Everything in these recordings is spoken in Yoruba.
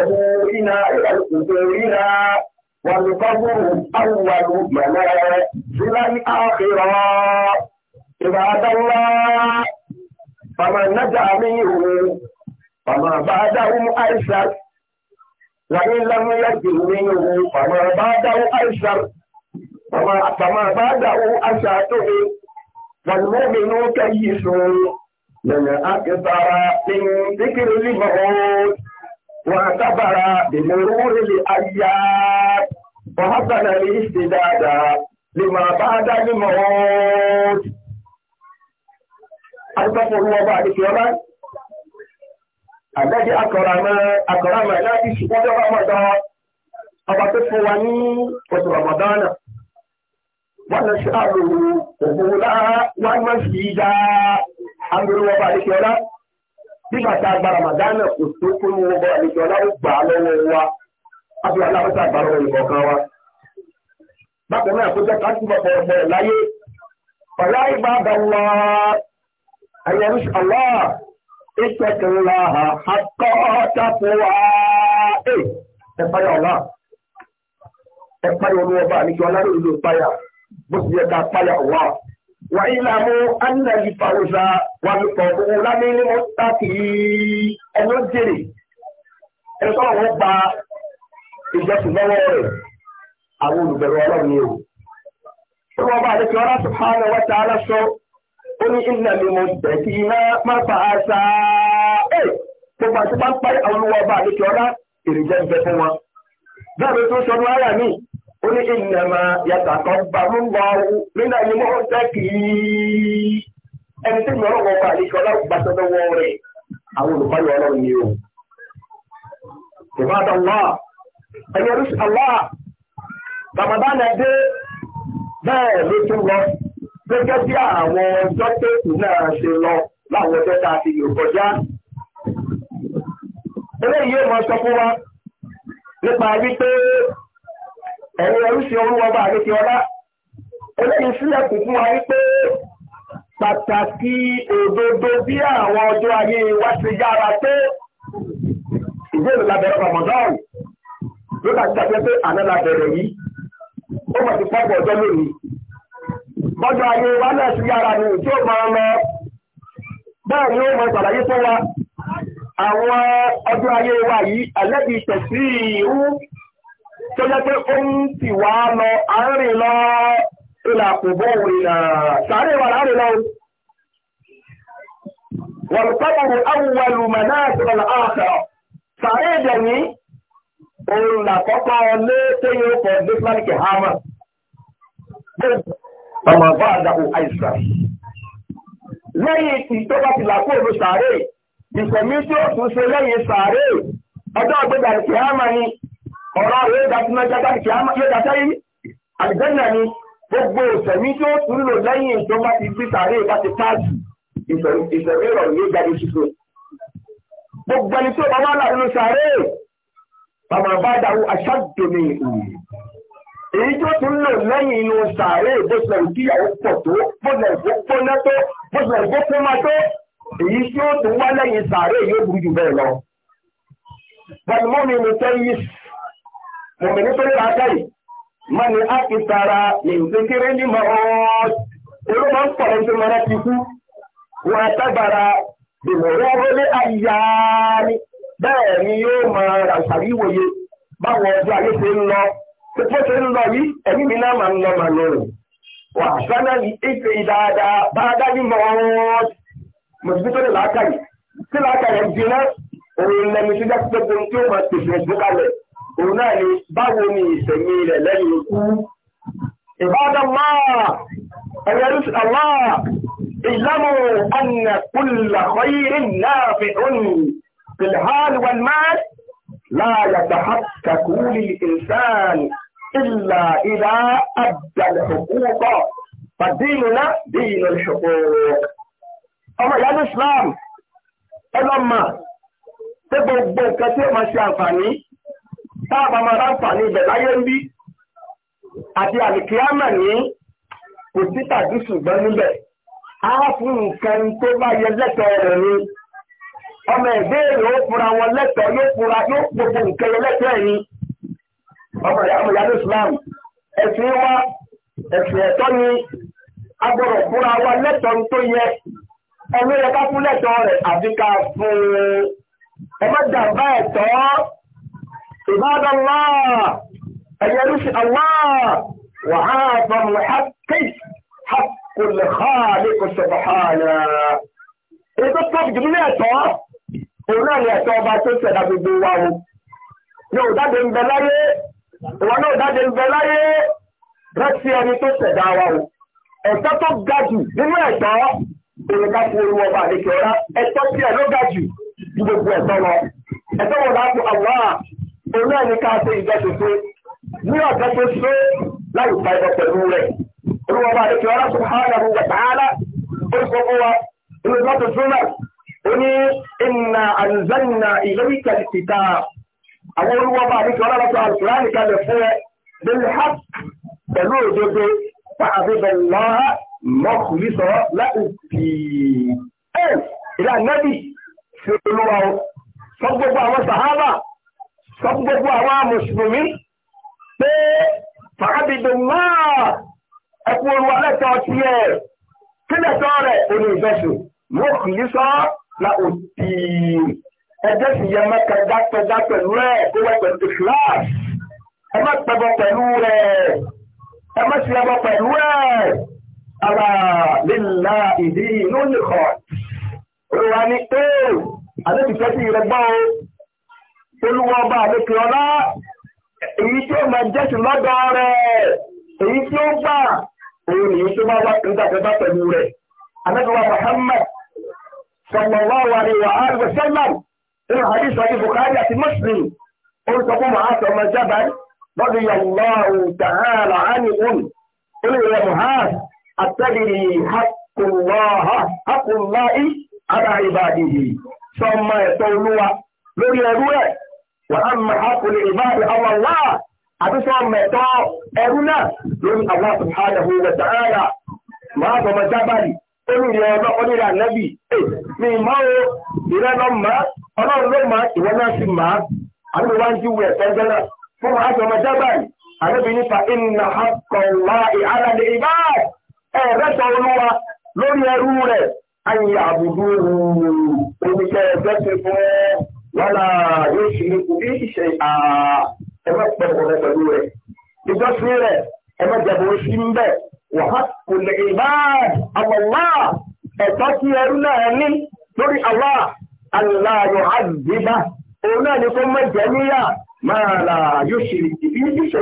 قبورنا إلى قبورنا والقبر الأول منازل الآخرة عباد الله فمن نجا منهم فما بعدهم أيسر وإن لم يجد منه فما بعده أيسر فما, فما بعده أشد والمؤمن كيس من أكثر من ذكر الموت واعتبر بمرور الأيام وحسن الاستعداد لما بعد الموت أتقوا الله بعد كلام الذي أكرم أكرمنا في شهور رمضان أبطف وني رمضان ونشأله قبولا ومسجدا أمر الله بعد كلام nígbà tá a gba ramadana kò tó kó ní wọn bọ àlejò aláwọ gbà á lọwọ wa àti aláwọ tá a gbà lọwọ ìbọn kan wa. bákan náà àkójọ ká túbọ̀ bọ̀rọ̀ bọ̀rọ̀ láyé ọ̀la ìgbà àbáwá ayọ̀rú ṣàlọ́ ìtẹ̀kẹ̀lá àkọ́ tápọ̀ wá ẹ̀ ẹ̀páyà ọ̀la ẹ̀páyà olúwọ̀ba àlejò aláwọ̀ ìlú ìpáyà bó ti yẹ ká páyà ọ̀wá wàhílámú anàlìfàwùsà wàlùkọ̀ òun lámìlì mọ́tàkì ẹni jèrè ẹ̀sọ́ àwọn gba ìjọsìn lọ́wọ́ rẹ̀ àwọn olùbẹ̀rù ọlọ́run ni o. ó wọ́n bá àdékè ọlá subhanahu wa ta'ala sọ ó ní ìlànà ìmọ̀ ìbẹ̀kì iná má fà á sá ẹ̀ gbogbo àti pápá àwọn olùwọ́ bá àdékè ọlá èrè jẹ́ ìbẹ̀ fún wọn. bẹ́ẹ̀ ló tó sọ ní wáyà míì ó ní ìnàmà yàtàkọ́ gbàmúgbà nínú ayé mọ́ ọ́tẹ́ kì í ẹni tí mo rọ̀ wọ́pọ̀ àdéhùn ọlọ́run gbà sọ́dọ̀ wọ́ rẹ̀ àwọn olùkọ́ni ọlọ́run ni o. Ìbáda wà ẹni oríṣi àwà Ramadan ẹdẹ bẹ́ẹ̀ ló tún lọ gẹ́gẹ́ bí àwọn ọjọ́ tètè náà ṣe lọ láwọn ọjọ́ tá a ti lò kọjá. Eléyìí yóò máa sọ fún wa nípa wípé ẹ̀yin oríṣi olúwa bá àdékè ọlá eléyìí sílẹ̀kùn fún wa wípé pàtàkì òdodo bí àwọn ọjọ́ ayé wa ti yára pé ìbéèrè labẹ̀rẹ̀ ramadan ló dájú dájú pé àná labẹ̀rẹ̀ yìí ó mọ̀ sí pọ́pọ̀ ọjọ́ lónìí bọ́jọ́ ayé wa náà ti yára ni tí ó máa lọ bẹ́ẹ̀ ni ó mọ ìpàdàyé fún wa àwọn ọjọ́ ayé wa yìí àlẹ́bí tẹ̀sí ìhú tó jẹ́ pé ó ń tì wá lọ àárín lọ ìlà àpòbọ̀ ìlà sàárè wà láàrin lọ. wọ́n tọ́bùrù awùwẹ̀lù mẹ́nà ìṣẹ̀lẹ̀ àṣà sàárè ìdẹ̀ní òun làkọ́kọ́ lé téyé ọkọ̀ dífẹ́ǹkì hama. ọmọ bá àdàkù àìsàn. lẹ́yìn tí tó bá ti làkó ìlú tí ó tún ṣe hama ni. ọ̀rọ̀ rẹ̀ yóò dájú mẹ́ta káàkiri kí á máa yóò dájú ayé àlìjẹ́nà ni gbogbo ìsẹ̀mí tí ó tún lò lẹ́yìn tó bá ti gbé sàárè bá ti táàgì ìsẹ̀mí ìrọ̀rùn yóò jáde ṣíṣe. gbogbo ẹni tó bá wà láàrin ló sàárè bàbá bá dàrú aṣáàdùnmí ìhùn. èyí tó tún lò lẹ́yìn inú sàárè bó ṣe lè kí ìyàwó pọ̀ tó bó ṣe lè kó pọ́nà tó bó ṣe lè kó pọ́nà tó èyí tí ó tún wá lẹ́yìn sàárè yóò burú jù bẹ́ẹ̀ lọ. bàbá mi mi tẹ́ yìí mọ̀mìnì tó ní láàká yìí má ní á fi tara ní ìdíkéré ní mọ̀ ọ́ọ́d olú máa ń pọ̀rọ̀ tó mọ́ra ti kú wọn àtàgbàrà bèbèrè ọlọ́lé àyà ni bẹ́ẹ̀ ni yóò máa rà sàrí ìwòye báwọn ọjọ́ ayé ṣe ń lọ tó ṣe ń lọ yìí ẹ̀mí mi náà máa ń lọ màá lọ rẹ̀ wà sánà ní ètò ìdáadáa bá dájú mọ́ ọ́ọ́d mọ̀tìbí tó ní láàká yìí tí láàká yẹn jiná òun lẹ́nu tó jẹ́ pé tí ó máa tètè ẹ̀dùn kalẹ̀ òun náà ni báwo ni ìsẹ̀mí rẹ̀ lẹ́yìn ikú ìbádọ́mọ́ ẹ̀yẹ́rìsì àmọ́ ìlàmù ọ̀nà kùlàkọ́yí ìlàfẹ́ òní بالحال والمال لا يتحقق للإنسان إلا إذا أدى الحقوق فديننا دين الحقوق ọmọ ìyá ní Islam ẹlọ́mà tí gbogbo nǹkan tí ó máa ṣe àǹfààní táàbà máa ráǹfà ní ibẹ̀ láyé ń bí àti àlìkíámà ní kò sí tàbí ṣùgbọ́n níbẹ̀ á fún nǹkan tó bá yẹ lẹ́tọ̀ọ́ rẹ̀ ni ọmọ ìbéèrè ó fura wọn lẹ́tọ̀ọ́ yóò fura yóò gbogbo nǹkan yẹ lẹ́tọ̀ọ́ ẹ̀ ni ọmọ ìyá ọmọ ìyá ní Islam ẹ̀sìn wa ẹ̀sìn ẹ̀tọ́ ni a gbọ́dọ̀ fura wa lẹ́tọ̀ọ́ tó yẹ ẹ̀mí yẹ fún lẹ́tọ̀ọ́ rẹ̀ àfi fún un ẹ̀tọ́. عباد الله أيرش الله وعظم حقه حق الخالق سبحانه ètò tọ́pù jùlọ ẹ̀tọ́ òun náà ni ẹ̀tọ́ ọba tó ṣẹ̀dá gbogbo wa o ní òdáde ń bẹ láyé ìwọ náà òdáde ń bẹ láyé rántí ẹni tó ṣẹ̀dá wa o ẹ̀tọ́ tó ga jù nínú ẹ̀tọ́ òun ká fún orí ọba àdékẹ́ ọ̀rá ẹ̀tọ́ tí ẹ̀ ló ga jù ju gbogbo ẹ̀tọ́ lọ ẹ̀tọ́ wọn lápò àwọn òun náà ní ká ṣe ìjọsìnkú ní ọ̀gá tó ṣó láì pa ẹ̀dọ̀ pẹ̀lú rẹ̀ olúwa bá rẹ̀ kí ọlá tó há ẹ̀rọ wọ̀ tààlà ó sọ fún wa inú ìgbà tó ṣó náà ó ní ìnà àǹzánà ìlórí kàlìkìtà àwọn olúwa bá rẹ̀ kí ọlá tó àlùkùrá nìkalẹ̀ fún ẹ lórí ha pẹ̀lú òdodo pa àbíbẹ̀ lọ́ha mọ́kùlí sọ láì pì ẹ̀ ìlànà bí ṣe olúwa o sọ gbogbo àwọn sàhábà sọ fún gbogbo àwọn mùsùlùmí pé fàábìdùn náà ẹkú olúwa lẹ́tọ̀ ti yẹ kílẹ̀tọ̀ rẹ̀ òní ìjọsìn mo kì í sọ la òtì ẹjẹ́ sì yẹ mẹ́ta dákẹ́dá pẹ̀lú rẹ̀ kó wẹ́ pẹ̀lú kíláàsì ẹ má pẹ̀bọ pẹ̀lú rẹ̀ ẹ má sì ẹbọ pẹ̀lú rẹ̀ ara lílà ìdí inú nìkan olúwa ní pé àdébìtẹ́sí rẹ̀ gbọ́ o. olúwa ọba àlekè ọlá èyí tí ó máa jẹ́sìn lọ́dọ̀ rẹ̀ èyí tí ó gbà òun nìyí tó máa wá ìgbàgbọ́dá pẹ̀lú rẹ̀ anábíwá Muhammad sallallahu alaihi wa alihi wa sallam nínú hadith sọ́jú Bukhari àti Muslim ó sọ fún Mu'adh ọmọ Jabal lọ́dọ̀ yàlláhu ta'ala ánìkún nínú ìrẹ̀ Mu'adh àtẹ́bìrì haqqullah ala ibadihi sọ ọmọ ẹ̀tọ́ olúwa lórí ẹrú ẹ̀ وأما حق العباد على الله أبسوا متى أرونا لن الله سبحانه وتعالى ما فما جبل Olú yẹ ọba ọdíra nẹ́bì, mi máa o, ìrẹ́ lọ máa, ọlọ́run ló máa, ìwọ náà sì máa, àbúrò wá ń jí wẹ̀ tọ́jọ́ náà, fún àjọ ọmọ jábàlì, àrẹ́bì nípa ìnà àkọ̀lá ìhárádé ìbáà, ẹ̀rẹ́sọ olúwa lórí ẹrú rẹ̀, àyè àbùdó oníṣẹ́ ẹgbẹ́ ti fún ẹ́ wọ́lá yóò ṣe ní kò bí ìṣe ẹgbẹ́ pẹ̀lú pẹ̀lú rẹ̀. ìjọsìn rẹ̀ ẹgbẹ́ jẹ̀bọ̀ oṣù ń bẹ̀ wàhá kò lè ìbáàdì àwọ̀lá ẹ̀tọ́ tí ẹrú náà ní lórí àwọ̀ aláyọ̀ àdìbá òun náà ni kó mẹ́jẹ níyà máa là yóò ṣe ní kò bí ìṣe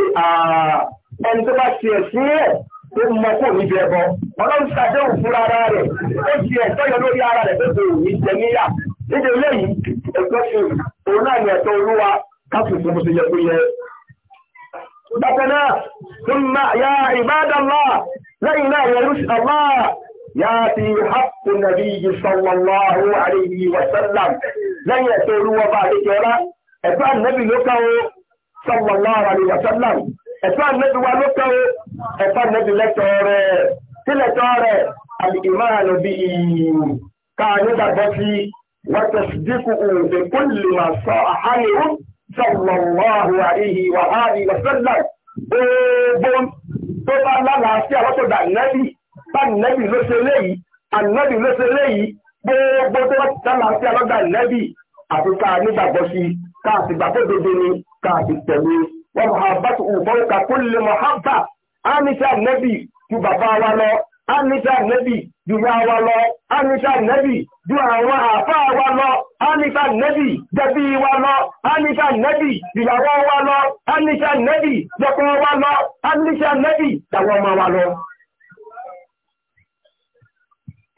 ẹni tó bá ṣe ẹ̀sìn rẹ̀ tó mọ kó níbi ẹbọ ọlọ́run ṣàdéhùn fúnra rẹ̀ ó ti ẹ̀tọ́ yọ lórí ara rẹ̀ tó tó òní níyà nítorí lẹ́yìn بكنا ثم يا عباد الله لئن يرس الله ياتي حق النبي صلى الله عليه وسلم لن يتولوا بعد كرا أفعل النبي لكه صلى الله عليه وسلم أفعل النبي ولكه أفعل النبي لكه تلتاره الإيمان به كان يدر بسي وتصديقه بكل ما صاح عنه صلى الله عليه وآله وسلم gbogbo tó bá lálàáfíà lọ́sọ̀dà nẹ́bì bá nẹ́bì ló ṣe léyìí ànẹ́bì ló ṣe léyìí gbogbo tó bá lálàáfíà lọ́dà nẹ́bì àti ká nígbàgbọ́ sí káàsì gbàgbọ́ dodo ni káàsì tẹ̀lé wọn mahabbatu fawqa kulli mahabba á ní sí ànẹ́bì ju bàbá wa lọ á ní sí ànẹ́bì ju ya wa lọ áníta nẹ́bì ju àwọn àfá wa lọ áníta nẹ́bì jẹbí wa lọ áníta nẹ́bì ìyàwó wa lọ áníta nẹ́bì jẹkọ wa lọ áníta nẹ́bì jàwọn ọmọ wa lọ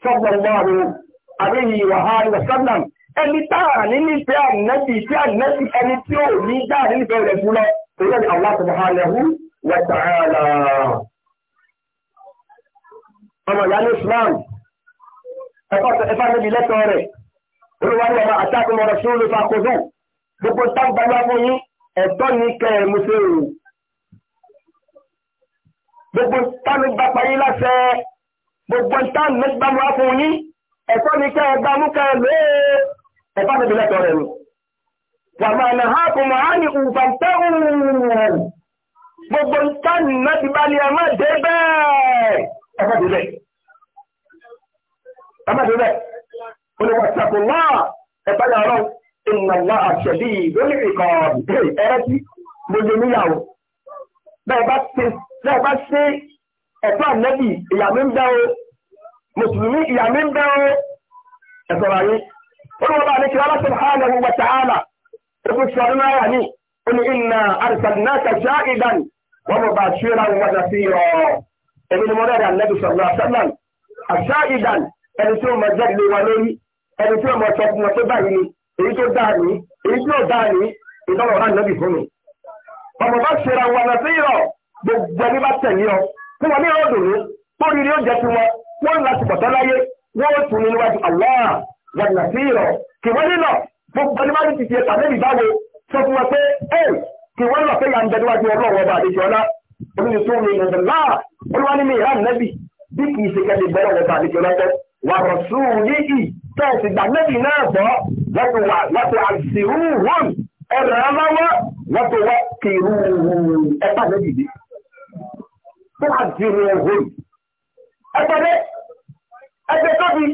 sọ́gbọ̀ngbọ̀rún àríyìn wàhálì wàsánàm ẹni táà ní nífẹ́ ànẹ́bì tí ànẹ́bì ẹni tí ó ní dáà nífẹ́ rẹ̀ fún lọ òun ni Allah subhanahu wa ta'ala ọmọ ìyá ní islam ẹfà níbi lẹ́tọ̀ rẹ̀ olúwarí ọmọ àtàkùn ọ̀rọ̀ sí olùfà kòzó gbogbo tágbàlá fún yín ẹ̀tọ́ ní kẹ́ ẹ̀ mùsẹ̀ rò gbogbo tánu gbapà yín lásẹ̀ gbogbo tánu gbàmù fún yín ẹ̀tọ́ ní kẹ́ ẹ̀ gbàmù kẹ́ ẹ̀ lóò ẹfà níbi lẹ́tọ̀ rẹ̀ lò wàmà nà ha kò mọ̀ á ní ùfàǹtẹ́ gbogbo tánu náà ti bá ní ẹ̀ ẹ̀fẹ́ dé bẹ́ẹ̀. ẹ̀fẹ́ dé bẹ́ẹ̀. olùwàsàkù náà ẹ̀fẹ́ yàrá ìnàlá àṣẹ̀lì lórí ìkọ̀ọ̀bù ẹ̀rẹ́ tí mo lè níyàwó. bẹ́ẹ̀ bá ṣe ẹ̀fọ́ ànẹ́bì ìyàmí ń bẹ́ o mùsùlùmí ìyàmí ń bẹ́ o ẹ̀sọ̀ ráyé. olùwàbà àdékè aláṣẹ subhanahu wa ta'ala ẹ̀kú sọ̀rọ̀ náà ní ó ní ìnà àrìsàdínà èmi ni mo rẹ̀ ànábì sọ̀rọ̀ àṣálàm àṣà ìdàn ẹni tí ó mọ jẹ́ ilé wa lórí ẹni tí ó mọ sọ fún wọn tó báyìí ni èyí tó dáa ní èyí tí ó dáa ní ìdánwò rà ànábì fún mi. ọmọ bá ṣera wọn lọ sí ìrọ̀ gbogbo ẹni bá tẹ̀lé ọ fún wọn ní ọdún ní tó rí rí oúnjẹ tí wọn wọn láti pọ̀tọ́ láyé wọn ó tún ní níwájú àlọ́à wọn là sí ìrọ̀ kì wọ́n nílọ gbogbo ẹni bá ní ti ti ẹ̀ta lẹ́bi báwo sọ fún wọn pé ẹ̀ kì wọ́n lọ pé yà ń bẹ níwájú ọlọ́run ọba omi tó ní ìrìnàjò náà olúwa ní mi ìran nẹ́bì bí kì í ṣe kẹ́lẹ́ bẹ́rẹ̀ lọ́ta àdìjọ lọ́tọ́ wà rọ̀ sùn níyì tẹ́ẹ̀sì gbà nẹ́bì náà gbọ́ lọ́tọ̀ àṣìrú wọn ẹ̀rọ aláwọ̀ lọ́tọ̀ wá kìrú ẹ̀ta nẹ́bì dé tó àṣìrú wọn. ẹgbẹ́ ẹgbẹ́ tóbi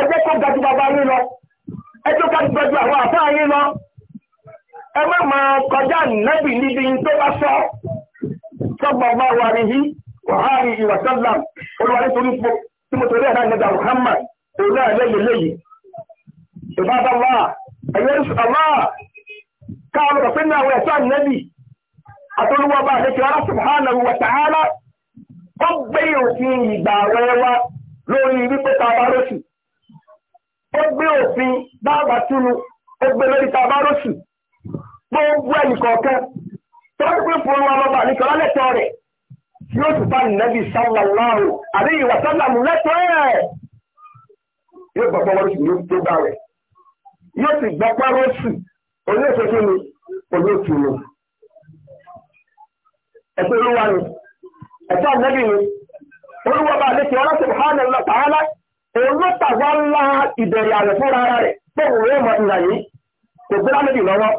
ẹgbẹ́ tó ga ju bàbá yín lọ ẹjọ́ ká gbẹ́jú àwọn àfáà yín lọ ẹ má máa kọjá nẹ́bì níbi tó bá sọ sọ́gbà ọmọ wa rí yí wàhálì ìwàsọ́là olùwárí torí po tí mo na ẹ̀dá ìgbẹ́gbà Muhammad òun náà lẹ́yìn lẹ́yìn ìbáda wà ẹ̀yẹ́ ìṣàlá káàmù kò fínà àwọn ẹ̀sọ́ ànẹ́bì àtolúwọ́ bá àdékè ara subhanahu wa ta'ala ó gbé òfin ìgbà àwẹ̀ lórí wípé tabarosi ó gbé òfin dáàbà túnú ó gbé lórí tọ́jú pé pọ̀lú ọlọ́gbà ní kọ́lá lẹ́tọ́ rẹ̀ yóò tún bá nẹ́bí sallallahu alaihi wa lẹ́tọ́ ẹ̀ yóò gbọ́ pọ́wọ́ sí yóò tó bá rẹ̀ yóò sì gbọ́ pọ́wọ́ olóòtú ni olóòtú ni olúwa ni ẹ̀tọ́ ni olúwa bá lẹ́tọ́ ọlọ́sẹ̀ ìbẹ̀rẹ̀ fúnra rẹ̀ pé òun yóò mọ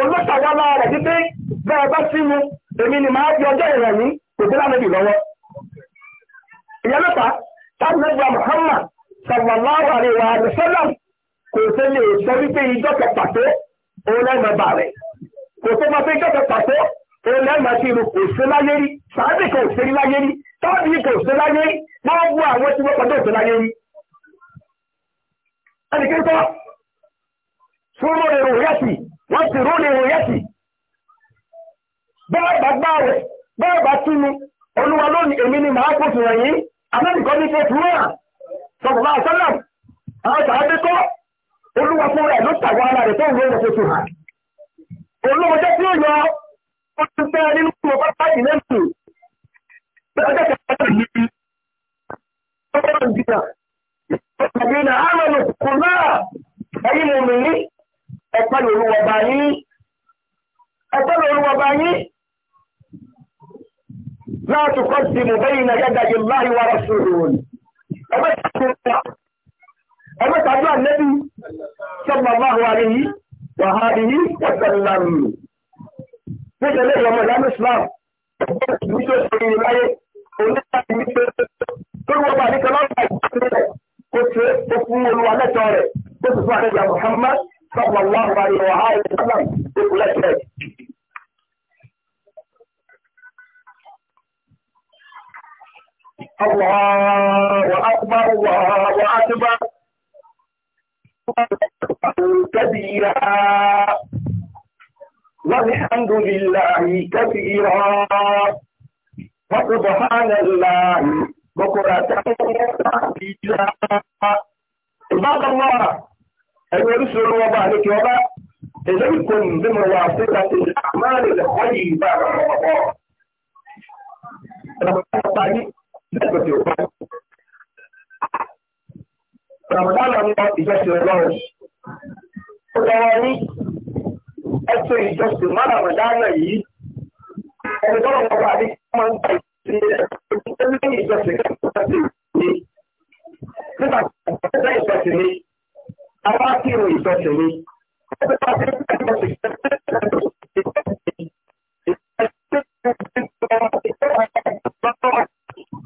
olóṣàwọ́lá rẹ̀ títí bẹ́ẹ̀ bá sí mu èmi ni máa di ọjọ́ ìrẹ̀ ní ògbélánàbì lọ́wọ́ ìyẹn mẹ́ta tábìlẹ́gbà Muhammad sallallahu alaihi wa sallam kò tó lè sọ wípé ìjọ kẹta tó òun lẹ́mọ̀ bà rẹ̀ kò tó máa pé ìjọ kẹta tó òun lẹ́mọ̀ sí irun kò sí láyé rí sàábì kò sí láyé rí tábìlì kò sí láyé rí máa wú àwọn tí wọ́n pàdé òsì láyé rí ẹnì kí n tọ́ súnmọ́ èrò yẹ́sì wọ́n sì rú ya ìròyẹ́sì bẹ́ẹ̀ bá gbá rẹ̀ bẹ́ẹ̀ bá túnú olúwa lónìí èmi ni màá kó fìràn yìí amẹ́ríkọ́ ní ṣe fún wà sọ̀rọ̀ bá sọ́lá àwọn sàádé kọ́ olúwa fún rẹ̀ ló tàwọn ara rẹ̀ tó ń tuntun hàn olúwa jẹ́ tí ó yọ ó ti fẹ́ nínú ìwọ̀n bá bá ìlẹ́ ẹ̀pẹ́ lórúwọba yín ẹ̀pẹ́ lórúwọba yín láti kọ́ sí mú bẹ́yìn náà yẹ́dà ìláhì wa rasulun ẹgbẹ́ tàbí ànẹ́bí sallallahu alaihi wa alihi wa sallam nítorí ìyọmọ ìyá islam ẹgbẹ́ ìgbésẹ̀ ìṣòro ìláyé onígbàtí wípé lórúwọba ó fún olúwa lẹ́tọ̀ọ́ rẹ̀ ó sì fún àdẹ́gbà Muhammad صلى الله عليه وآله وسلم يقول لك إيه؟ الله أكبر الله أكبر كبيرا والحمد لله كثيرا وسبحان الله بكرة وتعالى عباد الله ẹni oríṣiríṣi olówó ọba àlejò ọba ẹlẹ́kùn bímọ wà sí láti àmàlè lẹ́kọ́ yìí bá ọ̀pọ̀ Ramadan ọba yìí lẹ́gbẹ̀ẹ́ tí ó bá. Ramadan ọba ìjọsìn ọlọ́run. Ó lọ́wọ́ ní ẹ̀sùn ìjọsìn má Ramadan yìí. Ẹni tó lọ́wọ́ ọba àlejò máa ń ta ìsinmi ẹ̀sùn ìjọsìn kẹ́kọ̀ọ́ sí ìwé. Nígbà tó ń bá ìjọsìn yìí. Àwọn kí o ìfẹsẹ̀ ni.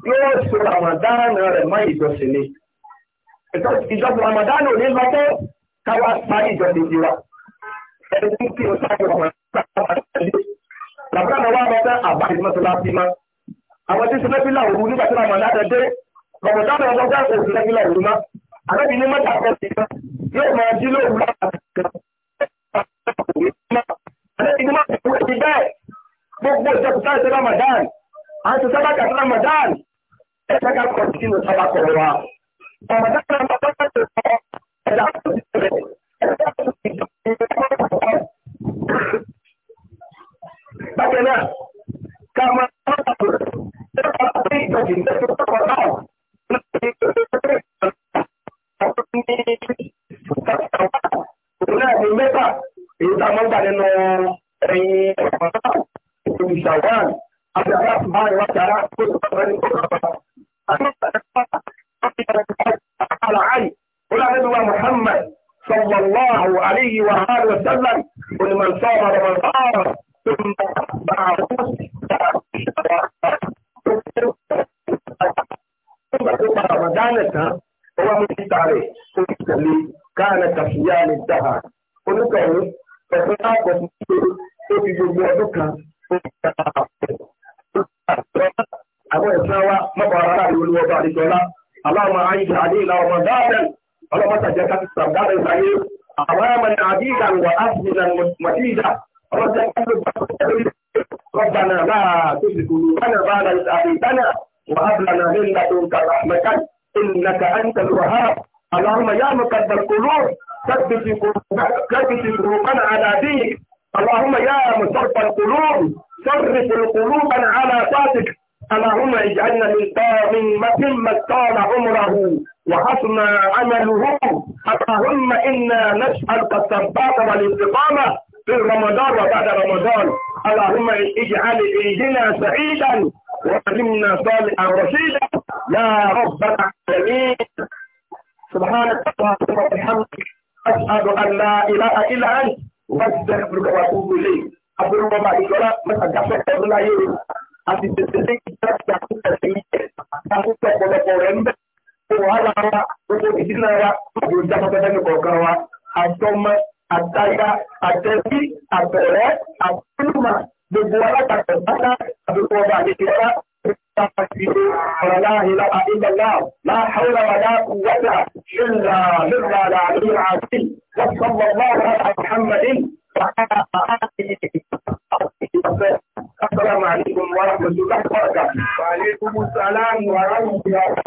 Yóò so Ramadan rẹ̀ mọ́ ìjọsìn ni. Ìjọsìn Ramadan ò ní lọ tó káwá parí ìjọsìn ti wa. Ẹni tí kí o sáré ọmọ Làbúrò àwọn ọmọ ọmọ àbá ìdímọ́tò láti máa. Àwọn tí sinẹ́bí làwọn òru nígbà tí Ramadan dé. Ramadan ọ̀gọ́gọ́ òru sinẹ́bí làwọn òru máa. Àlẹ́ mi ní mọ́tà kọ́ sí náà yóò máa jí lóòrùn láàrín kan gbogbo ìjọkùtà ìṣẹ́ Ramadan àti sábàkà sí Ramadan ẹ̀ṣẹ́ká kọ̀ sí ní sábàkọ̀ wa Ramadan náà bá bá tẹ̀ sọ ẹ̀dá tó ti tẹ̀ ẹ̀dá tó ti tẹ̀ bákan náà ká máa ń bá tẹ̀ ẹ̀dá tó ti tẹ̀ ẹ̀dá tó ti tẹ̀ tẹ̀lé káàlẹ̀ kàṣíyá ní dáhà oníkàwé ọ̀sán àpọ̀ fún pé ó fi gbogbo ọdún kan ó fi ta àpọ̀ àwọn ẹ̀sán wa mọ́kànlá aráàlú olúwọ́ba àdìsọ́lá aláwọ̀ àyíṣà àdéhìlá ọmọ dáadáa ọlọ́mọta jẹ́ ká ti sàbdáre sáyé àwọn ọmọ ní àdéhìlá wà á sì nà mọ̀tíìdá ọlọ́jà kálọ̀ ربنا لا تزغ قلوبنا بعد إذ هديتنا وهب لنا من لدنك رحمة إنك أنت الوهاب اللهم يا مقلب القلوب ثبت قلوبنا على دينك اللهم يا مصرف القلوب صرف القلوب على ذاتك اللهم اجعلنا من من ممن طال عمره وحسن عمله اللهم انا نسالك الثبات والاستقامه في رمضان وبعد رمضان اللهم اجعل عيدنا سعيدا وعلمنا صالحا رشيدا يا رب العالمين سبحانك اللهم وبحمدك أشهد أن لا إله إلا أنت وأستغفرك وأتوب إليك أبو بابا إيجولا مثلا جاسوك أبو لا يوم àti tètè ìjọba ti àkókò ẹ̀mí ẹ̀ àkókò ọ̀pọ̀lọpọ̀ rẹ̀ ń bẹ̀. wàhálà wa gbogbo ìdílé wa gbogbo ìjáfẹ́fẹ́ ní kọ̀ọ̀kan wa àtọmọ àtaya àtẹ̀bí àtẹ̀rẹ́ àtẹ̀lùmọ̀ gbogbo alátakẹ̀ bàtà àbíkọ́ ọba àdéhùn ولا إله إلا الله لا حول ولا قوة إلا بالله العلي العظيم وصلى الله على محمد وعلى آله السلام عليكم ورحمة الله وبركاته وعليكم السلام ورحمة الله